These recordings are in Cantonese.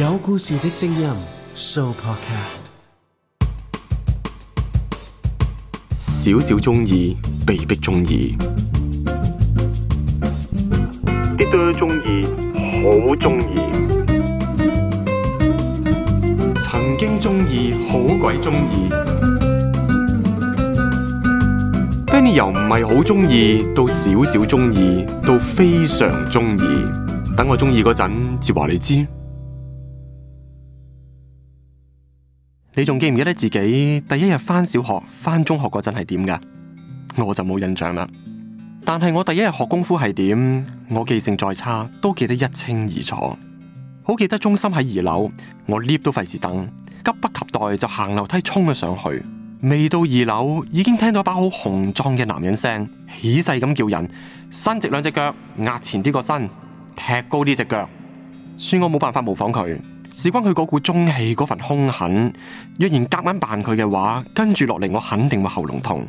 有故事的聲音 Show Podcast。少少中意，被逼中意；啲都中意，好中意。曾經中意，好鬼中意。 any 由唔係好中意，到少少中意，到非常中意。等我中意嗰陣，至話你知。你仲記唔記得自己第一日返小學、返中學嗰陣係點噶？我就冇印象啦。但係我第一日學功夫係點，我記性再差都記得一清二楚。好記得中心喺二樓，我 lift 都費事等，急不及待就行樓梯衝咗上去。未到二樓已經聽到把好雄壯嘅男人聲，起勢咁叫人，伸直兩隻腳，壓前啲個身，踢高呢隻腳。算我冇辦法模仿佢。事關佢嗰股中氣，嗰份兇狠，若然夾硬扮佢嘅話，跟住落嚟我肯定會喉嚨痛。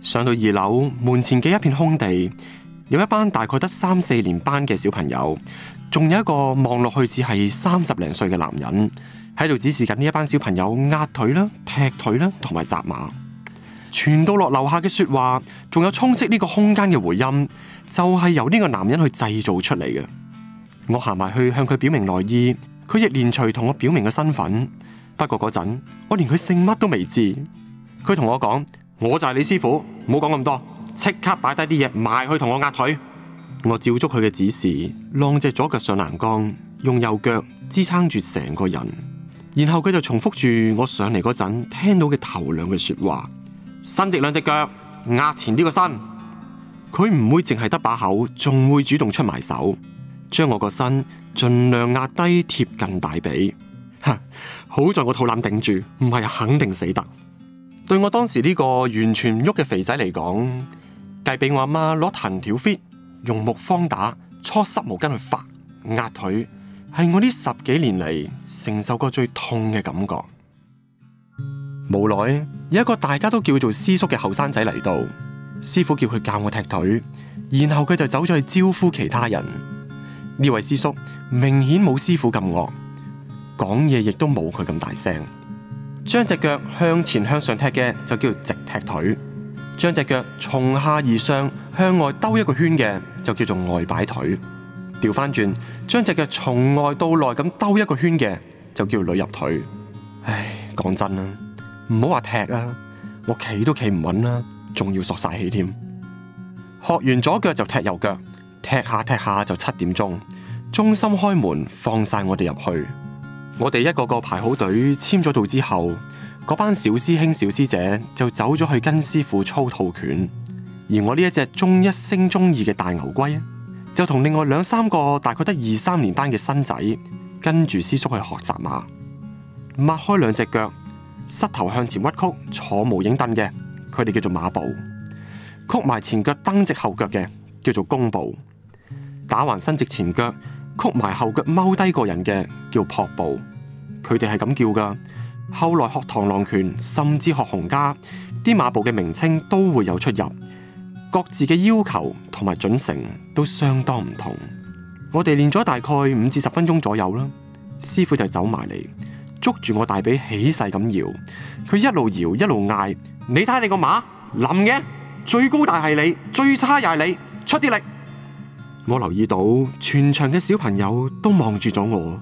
上到二樓門前嘅一片空地，有一班大概得三四年班嘅小朋友，仲有一個望落去只係三十零歲嘅男人喺度指示緊呢一班小朋友壓腿啦、踢腿啦同埋紮馬。傳到落樓下嘅說話，仲有充斥呢個空間嘅回音，就係由呢個男人去製造出嚟嘅。我行埋去向佢表明來意。佢亦連隨同我表明嘅身份，不過嗰陣我連佢姓乜都未知。佢同我講：我就係你師傅，唔好講咁多，即刻擺低啲嘢埋去同我壓腿。我照足佢嘅指示，晾隻左腳上欄杆，用右腳支撐住成個人，然後佢就重複住我上嚟嗰陣聽到嘅頭兩句說話，伸直兩隻腳，壓前啲個身。佢唔會淨係得把口，仲會主動出埋手。將我個身盡量壓低，貼近大髀。吓，好在我肚腩頂住，唔係肯定死得。對我當時呢個完全唔喐嘅肥仔嚟講，計俾我阿媽攞藤條 fit，用木方打，搓濕毛巾去發壓腿，係我呢十幾年嚟承受過最痛嘅感覺。無奈有一個大家都叫做師叔嘅後生仔嚟到，師傅叫佢教我踢腿，然後佢就走咗去招呼其他人。呢位師叔明顯冇師傅咁惡，講嘢亦都冇佢咁大聲。將隻腳向前向上踢嘅就叫直踢腿，將隻腳從下而上向外兜一個圈嘅就叫做外擺腿。調翻轉，將隻腳從外到內咁兜一個圈嘅就叫裏入腿。唉，講真吖，唔好話踢吖，我企都企唔穩啦，仲要索晒氣添。學完左腳就踢右腳。踢下踢下就七點鐘，中心開門放晒我哋入去。我哋一個個排好隊簽咗到之後，嗰班小師兄小師姐就走咗去跟師傅操套拳。而我呢一隻中一升中二嘅大牛龜，就同另外兩三個大概得二三年班嘅新仔，跟住師叔去學習馬。擘開兩隻腳，膝頭向前屈曲坐無影凳嘅，佢哋叫做馬步；曲埋前腳蹬直後腳嘅，叫做弓步。打橫伸直前腳，曲埋後腳踎低個人嘅，叫仆步，佢哋係咁叫噶。後來學螳螂拳，甚至學洪家啲馬步嘅名稱都會有出入，各自嘅要求同埋準繩都相當唔同。我哋練咗大概五至十分鐘左右啦，師傅就走埋嚟，捉住我大髀起勢咁搖，佢一路搖一路嗌：， 你睇你個馬冧嘅，最高大係你，最差又係你，出啲力！我留意到全場嘅小朋友都望住咗我。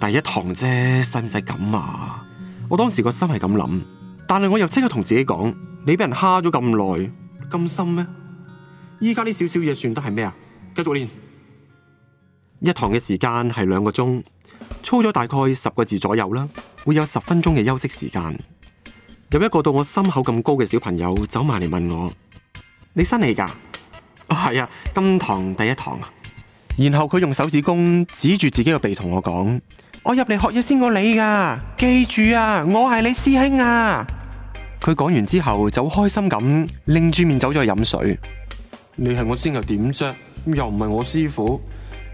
第一堂啫，使唔使咁啊？我當時個心係咁諗，但係我又即刻同自己講：你俾人蝦咗咁耐，咁深咩？依家呢少少嘢算得係咩啊？繼續練。一堂嘅時間係兩個鐘，操咗大概十個字左右啦，會有十分鐘嘅休息時間。有一個到我心口咁高嘅小朋友走埋嚟問我：你新嚟㗎？係、哦、啊，金堂第一堂啊！然後佢用手指公指住自己個鼻，同我講：我入嚟學嘢先過你噶，記住啊，我係你師兄啊！佢講完之後就開心咁擰住面走咗去飲水。你係我先又點啫？又唔係我師傅，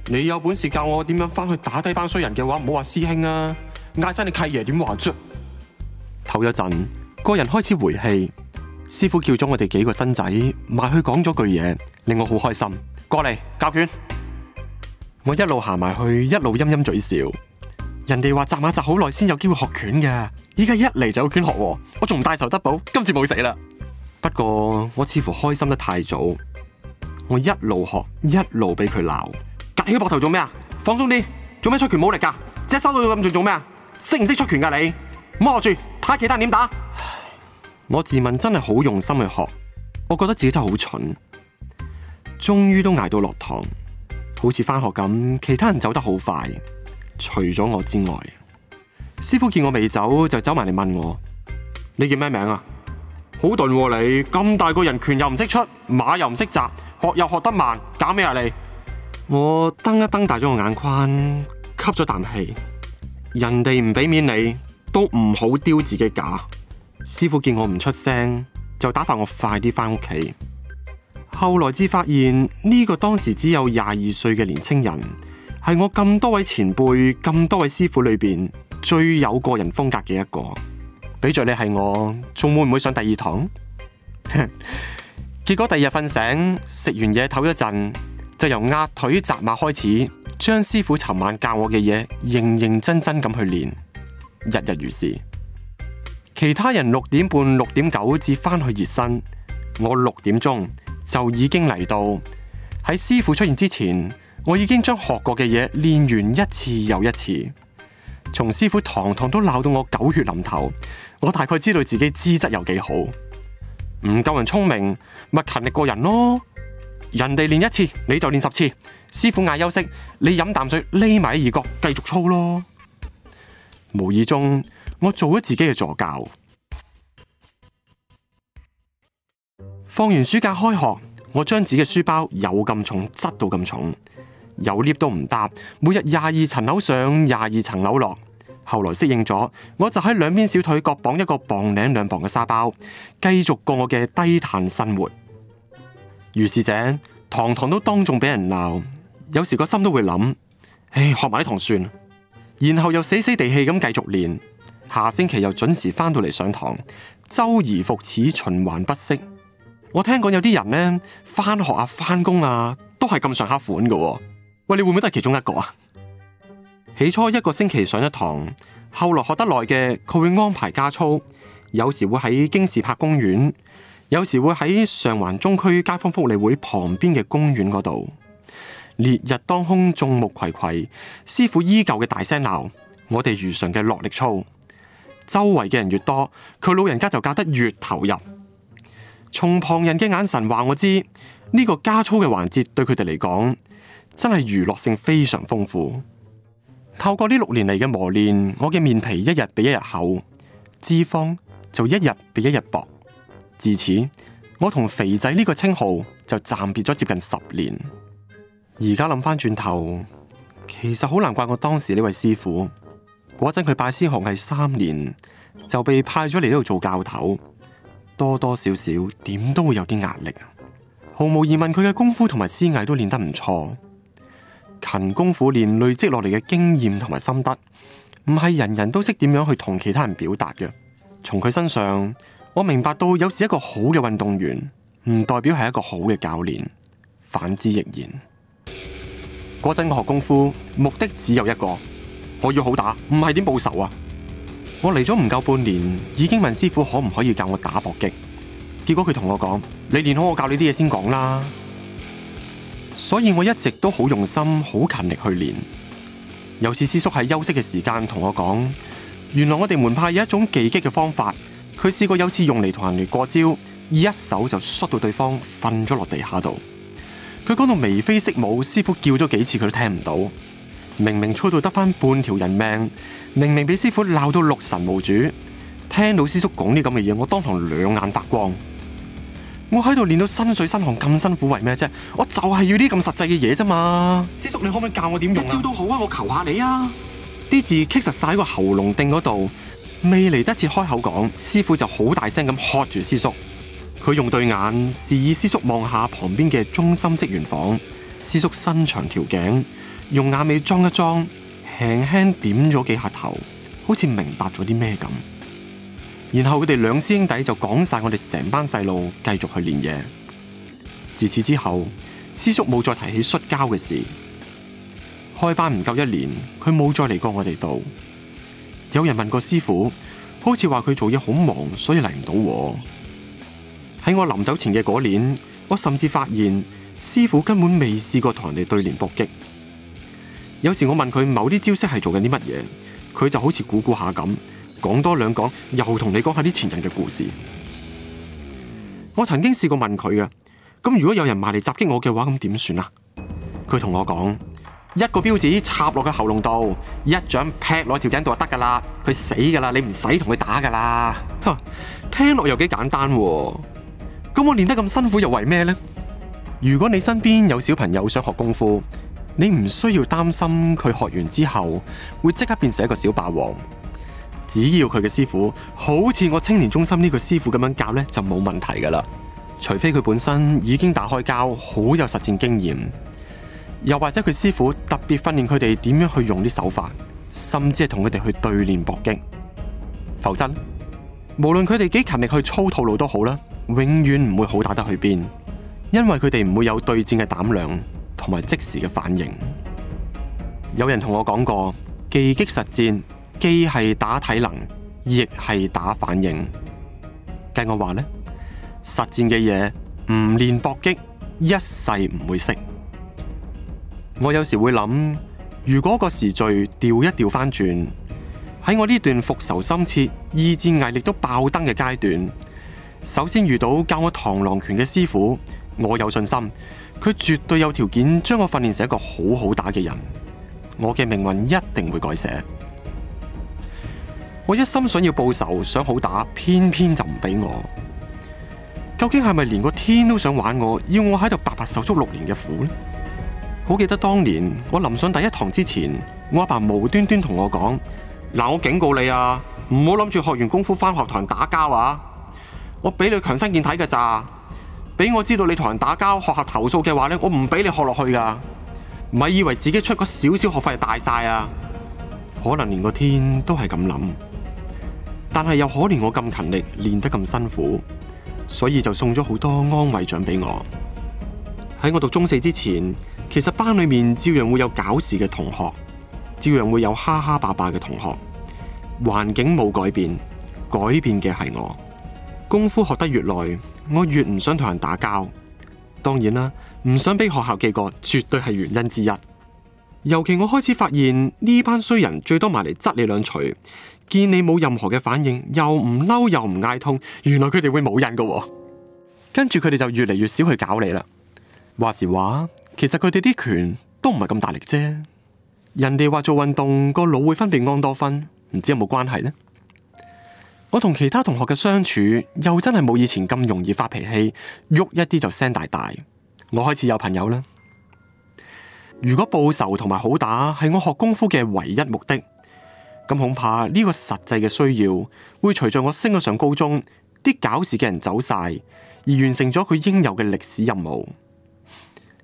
你有本事教我點樣翻去打低班衰人嘅話，唔好話師兄啊！嗌晒你契爺點話啫？唞一陣，個人開始回氣。師傅叫咗我哋幾個新仔，埋去講咗句嘢，令我好開心。過嚟教拳，我一路行埋去，一路陰陰嘴笑。人哋話紮馬紮好耐先有機會學拳嘅，依家一嚟就有拳學，我仲唔大仇得報，今次冇死啦。不過我似乎開心得太早，我一路學一路俾佢鬧，夾起膊頭做咩啊？放鬆啲，做咩出拳冇力噶？即係收到咁做做咩啊？識唔識出拳噶你？摸住，睇下其他人點打。我自問真係好用心去學，我覺得自己真係好蠢，終於都捱到落堂，好似返學咁，其他人走得好快，除咗我之外，師傅見我未走，就走埋嚟問我：你叫咩名字啊？好鈍你，咁大個人拳又唔識出，馬又唔識扎，學又學得慢，搞咩啊你？我瞪一瞪大咗個眼眶，吸咗啖氣，人哋唔俾面你，都唔好丟自己架。師傅見我唔出聲，就打發我快啲返屋企。後來至發現呢個當時只有廿二歲嘅年青人，係我咁多位前輩、咁多位師傅裏邊最有個人風格嘅一個。比著你係我，仲會唔會上第二堂？ 結果第二日瞓醒，食完嘢唞一陣，就由壓腿、扎馬開始，將師傅尋晚教我嘅嘢認認真真咁去練，日日如是。其他人六點半、六點九至返去熱身，我六點鐘就已經嚟到。喺師傅出現之前，我已經將學過嘅嘢練完一次又一次。從師傅堂堂都鬧到我狗血淋頭，我大概知道自己資質有幾好。唔夠人聰明，咪勤力過人咯。人哋練一次，你就練十次。師傅嗌休息，你飲啖水，匿埋喺二角繼續操咯。無意中，我做咗自己嘅助教，放完暑假開學，我將自己嘅書包有咁重，執到咁重，有 lift 都唔搭，每日廿二層樓上廿二層樓落。後來適應咗，我就喺兩邊小腿各綁一個磅領兩磅嘅沙包，繼續過我嘅低碳生活。如是者，堂堂都當眾俾人鬧，有時個心都會諗：唉，學埋呢堂算，然後又死死地氣咁繼續練。下星期又準時翻到嚟上堂，周而復始，循環不息。我聽講有啲人呢，翻學啊、翻工啊，都係咁上下款㗎喎。喂，你會唔會都係其中一個啊？ 起初一個星期上一堂，後來學得耐嘅，佢會安排加操，有時會喺京士柏公園，有時會喺上環中區街坊福利會旁邊嘅公園嗰度。烈日當空，眾目睽睽，師傅依舊嘅大聲鬧我哋，如常嘅落力操。周圍嘅人越多，佢老人家就教得越投入。從旁人嘅眼神話我知，呢個加粗嘅環節對佢哋嚟講，真係娛樂性非常豐富。透過呢六年嚟嘅磨練，我嘅面皮一日比一日厚，脂肪就一日比一日薄。自此，我同肥仔呢個稱號就暫別咗接近十年。而家諗翻轉頭，其實好難怪我當時呢位師傅。嗰陣佢拜師學藝三年，就被派咗嚟呢度做教頭，多多少少點都會有啲壓力。毫無疑問，佢嘅功夫同埋師藝都練得唔錯，勤功夫練累積落嚟嘅經驗同埋心得，唔係人人都識點樣去同其他人表達嘅。從佢身上，我明白到有時一個好嘅運動員唔代表係一個好嘅教練，反之亦然。嗰陣我學功夫，目的只有一個。我要好打，唔係點報仇啊？我嚟咗唔夠半年，已經問師傅可唔可以教我打搏擊，結果佢同我講：你練好我教你啲嘢先講啦。所以我一直都好用心、好勤力去練。有次師叔喺休息嘅時間同我講，原來我哋門派有一種技擊嘅方法，佢試過有次用嚟同人哋過招，一手就摔到對方瞓咗落地下度。佢講到眉飛色舞，師傅叫咗幾次佢都聽唔到。明明吹到得翻半條人命，明明俾師傅鬧到六神無主，聽到師叔講啲咁嘅嘢，我當堂兩眼發光。我喺度練到身水身汗咁辛苦，為咩啫？我就係要啲咁實際嘅嘢啫嘛。師叔，你可唔可以教我點用啊？一招都好啊，我求下你啊！啲字棘實晒喺個喉嚨定嗰度，未嚟得切開口講，師傅就好大聲咁喝住師叔。佢用對眼示意師叔望下旁邊嘅中心職員房。師叔伸長條頸。用眼尾裝一裝，輕輕點咗幾下頭，好似明白咗啲咩咁。然後佢哋兩師兄弟就講晒我哋成班細路繼續去練嘢。自此之後，師叔冇再提起摔跤嘅事。開班唔夠一年，佢冇再嚟過我哋度。有人問過師傅，好似話佢做嘢好忙，所以嚟唔到喎。喺我臨走前嘅嗰年，我甚至發現師傅根本未試過同人哋對練搏擊。有時我問佢某啲招式係做緊啲乜嘢？佢就好似估估下咁，講多兩講，又同你講下啲前人嘅故事。我曾經試過問佢嘅，咁如果有人埋嚟襲擊我嘅話，咁點算啊？佢同我講：一個標紙插落佢喉嚨度，一掌劈落條頸度就得噶啦，佢死噶啦，你唔使同佢打噶啦。聽落又幾簡單喎，啊，咁我練得咁辛苦又爲咩呢？如果你身邊有小朋友想學功夫，你唔需要擔心佢學完之後會即刻變成一個小霸王，只要佢嘅師傅好似我青年中心呢個師傅咁樣教呢，就冇問題噶啦。除非佢本身已經打開交，好有實戰經驗，又或者佢師傅特別訓練佢哋點樣去用啲手法，甚至係同佢哋去對練搏擊，否則無論佢哋幾勤力去操套路都好啦，永遠唔會好打得去邊，因為佢哋唔會有對戰嘅膽量。同埋即時嘅反應，有人同我講過，技擊實戰既係打體能，亦係打反應。計我話呢，實戰嘅嘢唔練搏擊，一世唔會識。我有時會諗，如果個時序調一調翻轉，喺我呢段復仇心切、意志毅力都爆燈嘅階段，首先遇到教我螳螂拳嘅師傅，我有信心。佢絕對有條件將我訓練成一個好好打嘅人，我嘅命運一定會改寫。我一心想要報仇，想好打，偏偏就唔俾我。究竟係咪連個天都想玩我，要我喺度白白受足六年嘅苦呢？好記得當年我臨上第一堂之前，我阿爸,爸無端端同我講：嗱，我警告你啊，唔好諗住學完功夫返學堂打交啊！我俾你強身健體㗎咋。俾我知道你同人打交，學校投訴嘅話呢，我唔俾你學落去噶，唔係以為自己出個少少學費大晒啊！可能連個天都係咁諗，但係又可憐我咁勤力，練得咁辛苦，所以就送咗好多安慰獎俾我。喺我讀中四之前，其實班裏面照樣會有搞事嘅同學，照樣會有哈哈霸霸嘅同學，環境冇改變，改變嘅係我。功夫學得越耐，我越唔想同人打交。當然啦，唔想俾學校記過，絕對係原因之一。尤其我開始發現呢班衰人最多埋嚟窒你兩錘，見你冇任何嘅反應，又唔嬲又唔嗌痛，原來佢哋會冇癮噶。跟住佢哋就越嚟越少去搞你啦。話時話，其實佢哋啲拳都唔係咁大力啫。人哋話做運動個腦會分泌胺多酚，唔知有冇關係呢？我同其他同學嘅相處又真係冇以前咁容易發脾氣，喐一啲就聲大大。我開始有朋友啦。如果報仇同埋好打係我學功夫嘅唯一目的，咁恐怕呢個實際嘅需要會隨着我升咗上高中，啲搞事嘅人走晒，而完成咗佢應有嘅歷史任務。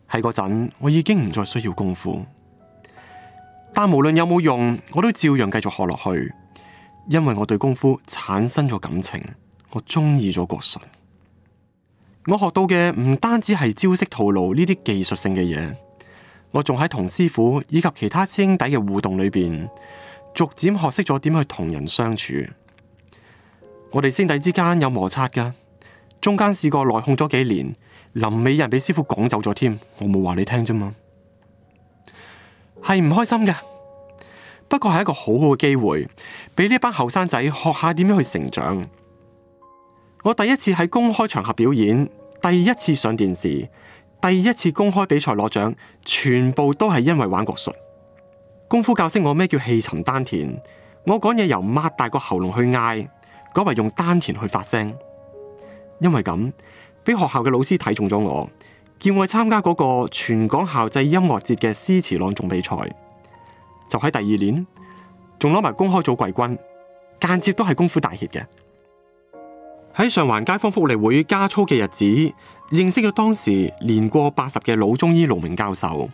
喺嗰陣我已經唔再需要功夫，但無論有冇用，我都照樣繼續學落去。因為我對功夫產生咗感情，我中意咗國術。我學到嘅唔單止係招式套路呢啲技術性嘅嘢，我仲喺同師傅以及其他師兄弟嘅互動裏邊，逐漸學識咗點去同人相處。我哋師弟之間有摩擦噶，中間試過內訌咗幾年，臨尾人俾師傅講走咗添，我冇話你聽啫嘛，係唔開心噶。不過係一個好好嘅機會，俾呢班後生仔學下點樣去成長。我第一次喺公開場合表演，第一次上電視，第一次公開比賽攞獎，全部都係因為玩國術。功夫教識我咩叫氣沉丹田，我講嘢由擘大個喉嚨去嗌，改為用丹田去發聲。因為咁，俾學校嘅老師睇中咗我，叫我參加嗰個全港校際音樂節嘅詩詞朗誦比賽。就喺第二年，仲攞埋公開組季軍，間接都係功夫大協嘅。喺上環街坊福利會加操嘅日子，認識咗當時年過八十嘅老中醫盧明教授，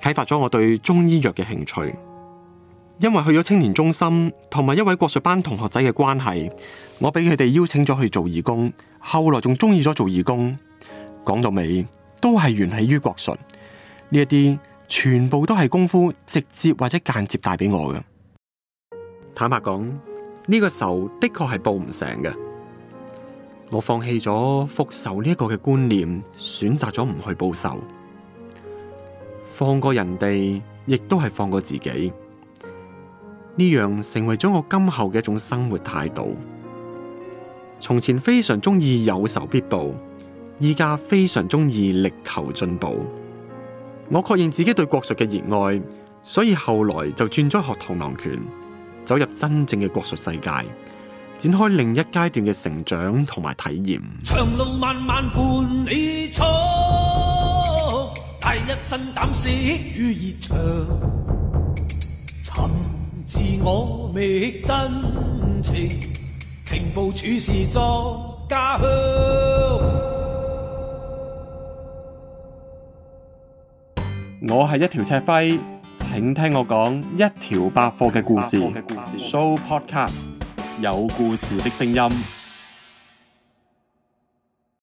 啟發咗我對中醫藥嘅興趣。因為去咗青年中心同埋一位國術班同學仔嘅關係，我俾佢哋邀請咗去做義工，後來仲鍾意咗做義工。講到尾，都係源起於國術呢一啲。全部都係功夫，直接或者間接帶俾我嘅。坦白講，呢個仇的確係報唔成嘅。我放棄咗復仇呢個嘅觀念，選擇咗唔去報仇，放過人哋，亦都係放過自己。呢樣成為咗我今後嘅一種生活態度。從前非常中意有仇必報，依家非常中意力求進步。我確認自己對國術嘅熱愛，所以後來就轉咗學螳螂拳，走入真正嘅國術世界，展開另一階段嘅成長同埋體驗。長路漫漫伴你闖，帶一身膽識與熱腸，尋自我覓真情，平步處事作家鄉。我係一條赤輝，請聽我講一條百貨嘅故事。故事 Show Podcast, 有故事的聲音。